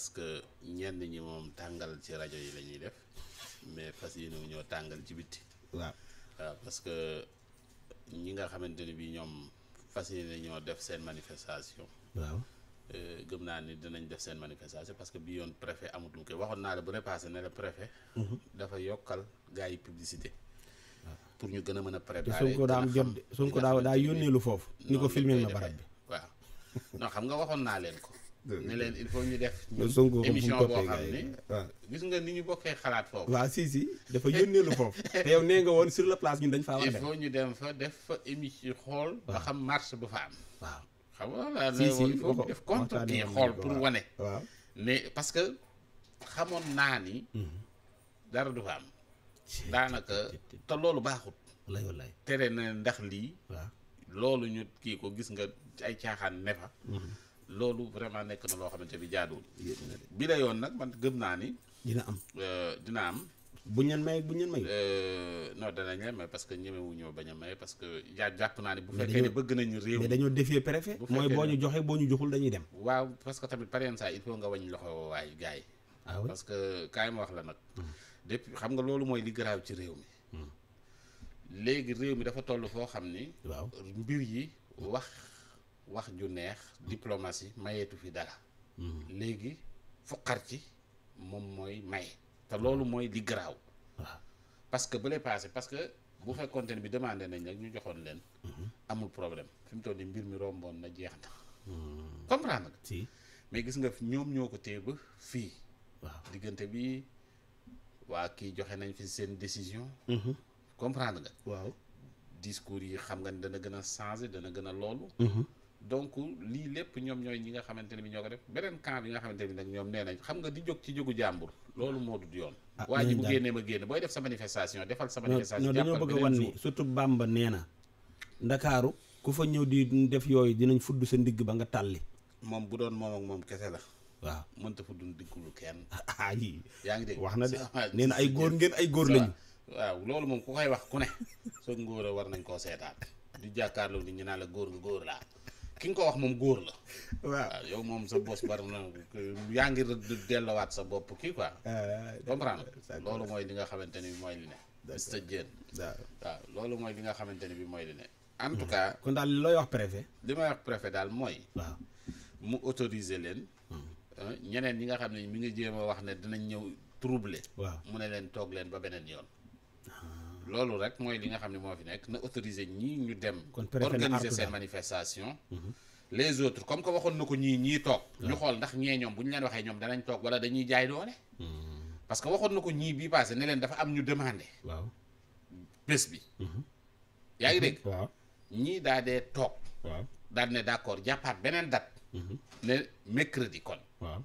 parce que ñenn ñi moom tàngal ci rajo yi lañuy def mais fas yéene wu ñoo tàngal ci bitti. waaw parce que ñi nga xamante ni bii ñoom fas yéene ñoo def seen manifestation. waaw. Euh, gëm naa ni dinañ def seen manifestation parce que bii yoon préfet amut lu koy waxoon naa la bu repassé ne la préfet. Mhm. dafa yokkal gars yi publicité. pour ñu gën a mën a préparer. te Sonko daa am daa yónnee lu foofu. ni ko filmé na barab bi waaw. non xam nga waxoon naa leen ko. ne leen il faut ñu def. émission boo xam ne waaw ah. gis nga ni ñu bokkee xalaat foofu. waa si dafa yónnee lu foofu. te yow nee nga woon sur la place ñun dañ faa war ñu dem fa def fa émission xool. xam marche bu fa am. waaw xam nga si si il faut ñu def pour wane. waaw mais parce que xamoon naa ni. Mhm. dara du fa am. daanaka te loolu baaxut. wallaay wallaay tere na ndax lii. waaw loolu ñu kii ko gis nga ay caaxaan ne fa. Mhm. loolu vraiment nekk na loo xamante bi jaaduwul. bi la yoon nag man gëm naa ni. dina am euh, dina am. bu ñu leen may bu ñu leen may. Euh, non danañ leen may parce que ñemewu ñoo bañ a may parce que yaa jàpp naa ne. bu fekkee ne bëgg nañu réew mi dañoo défier préfet. mooy boo ñu joxee boo ñu joxul dañuy dem. waaw parce que tamit pareen saa il faut nga wañ loxo waay gars yi. ah parce que kaay ma wax la nag. Hmm. depuis xam nga loolu mooy li garaaw ci réew mi. Hmm. léegi réew mi dafa toll foo xam ni. waaw mbir wax ju neex diplomatie mayeetu fi dara hmm. léegi fuqar ci moom mooy maye te loolu mooy li garaaw parce que bële passé parce que bu fekkoonte ne bi demandé nañ nag ñu joxoon leen hmm. amul problème fi mu toll nii mbir mi romboon na jeex na hmm. comprendre nga si mais gis nga ñoom ñoo ko téye ba fii waaw diggante bi waa kii joxe nañ fi seen décision comprendre nga discours yi xam nga ne dana gën a changer dana gën a loolu donc lii lépp ñoom ñooy ñi nga xamante ne bi ñoo ko def beneen camp bi nga xamante ne bi nag ñoom nee nañ xam nga di jóg ci jógu jàmbur loolu moo dut yoon ah, waa ji bu génnee ma génn booy def sa manifestation defal sa manifestation dañoo bëgg a wan ni surtout Bamba nee na ndakaaru ku fa ñëw di def yooyu dinañ fudd sa ndigg ba nga tàlli moom bu doon moom ak moom kese la waaw mënta fudd ndiggulu kenn ay yaa ngi dégg wax na de nee na ay góor ngeen ay góor lañu waaw loolu moom ku koy wax ku ne soo ngóor a war nañ koo seetaat di jàkkaarloo nit ñi naa la góor nga góor laa ki nga ko wax moom góor la. waaw ah, yow moom sa bos bari na yaa ngi delluwaat sa bopp kii quoi. Ah, comprendre loolu mooy li nga xamante ni mooy li ne. Ah, loolu mooy li nga xamante ni bi mooy li ne. en tout mm-hmm. cas kon daal looy wax préfet. li may wax préfet daal mooy. mu autoriser leen. Mm-hmm. ñeneen ñi nga xam ne mi ngi jéem a wax ne dinañ ñëw troubler. waaw mu ne leen toog leen ba beneen yoon. loolu rek mooy li nga xam ne moo fi nekk na autoriser ñii ñu dem organiser seen manifestation les autres comme que waxoon na ko ñii ñii toog ñu xool ndax ñee ñoom bu ñu leen waxee ñoom danañ toog wala dañuy jaay doole hmm. parce que waxoon na ko ñii bii passé ne leen dafa am ñu demande waaw bés bi hmm. yaa ngi dégg hmm. ñii daa dee toog waaw daal ne d'accord jàppaat beneen date ne mercredi kon waaw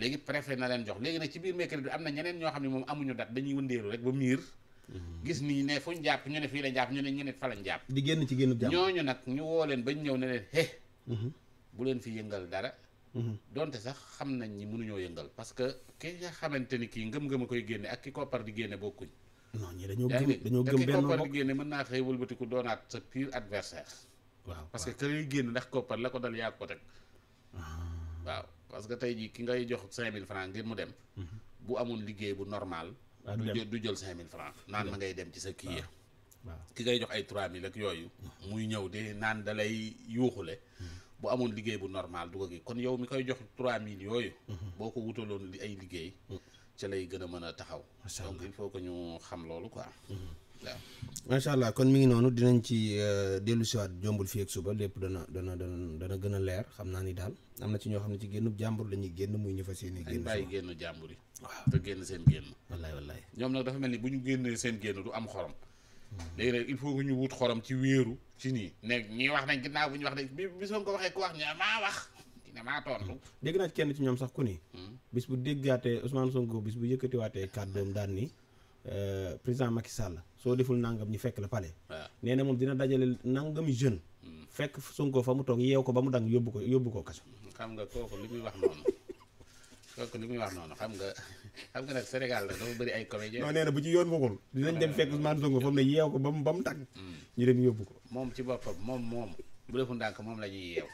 léegi préfet na leen jox léegi nag ci biir mercredi bi am na ñeneen ñoo xam ne moom amuñu date dañuy wëndeelu rek ba miir gis nii ne fuñ jàpp ñu ne fii lañ jàpp ñu ne ñu ne fa lañ jàpp di génn ci génn jàpp ñooñu nag ñu woo leen bañ ñëw ne leen he mm-hmm. bu leen fi yëngal dara mm-hmm. donte sax xam nañ ni mënuñoo yëngal parce que ki nga xamante ni kii ngëm-ngëm a koy génne ak ki koppar di génne bokkuñ non ñi dañoo gëm dañoo gëm benn koppar di génne mën naa xëy wëlbatiku doonaat sa pire adversaire waaw parce que këlay génn ndax koppar la ko dal yaa ko teg ah. waaw parce que tey jii ki ngay jox cinq mille francs ngir mu dem mm-hmm. bu amoon liggéey bu normal Ah, du jël cinq mille francs naan ma ngay dem ci sa ki ya ah, ki ngay jox ay trois mille ak yooyu hmm. muy ñëw de naan dalay yuuxule hmm. bu amoon liggéey bu normal du ko gi kon yow mi koy jox trois mille yooyu hmm. boo ko wutaloon li ay liggéey ca lay gën a mën a taxaw donc il faut que ñu xam loolu ko waaw macha allah kon mi ngi noonu dinañ ci euh, dellu siwaat jombul fii ak suba lépp dana dana dana dana gën a leer xam naa ni daal am na ci ñoo xam ne ci génnub jàmbur la ñuy génn muy ñu fas yéene génn bàyyi génn jàmbur yi waaw ah, te génn seen génn. wallaay wallaay ñoom nag dafa mel ni bu ñu génnee seen génn du am xorom. léegi nag il faut que ñu wut xorom ci wéeru ci nii. ne ñii wax nañ ginnaaw bu ñu wax nañ bi bisoon ko waxee ku wax ñu maa wax ne maa tontu. dégg naa ci kenn ci ñoom sax ku ni. Hmm? bis bu déggaatee Ousmane Sonko bis bu yëkkatiwaatee kàddoom daan ni euh, président Macky Sall soo deful nangam ñu fekk la palais. waaw na moom dina dajale nangam jeune. Hmm. fekk Sonko fa mu toog yeew ko ba mu dang yóbbu ko yóbbu ko kaso. Hmm. li muy wax noonu. kooku li muy wax noonu xam nga xam nga nag Sénégal la dafa bëri ay comédien non nee bu ci yoon waxul dinañ dem fekk Ousmane Sonko fa mu ne yeew ko ba mu ba mu tàgg hmm. ñu yóbbu ko moom ci boppam moom moom bu defu ndànk moom la yeew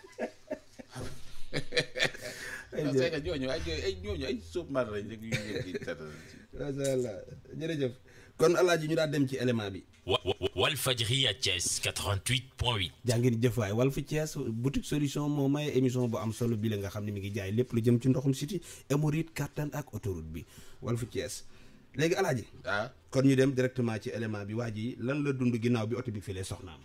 parce ay ay ñooñu rek ñu leen di tëral macha allah jërëjëf kon alaaji ñu daal dem ci élément bi Walfadjri à Thiès 88.8. jaa ngeen jëf waay Walf Thiès boutique solution moo may émission bu am solo bi la nga xam ne mi ngi jaay lépp lu jëm ci ndoxum siti hémorroïde kattan ak autoroute bi Walf Thiès léegi alaaji ah kon ñu dem directement ci élément bi waa ji lan la dund ginnaaw bi oto bi filee soxnaam.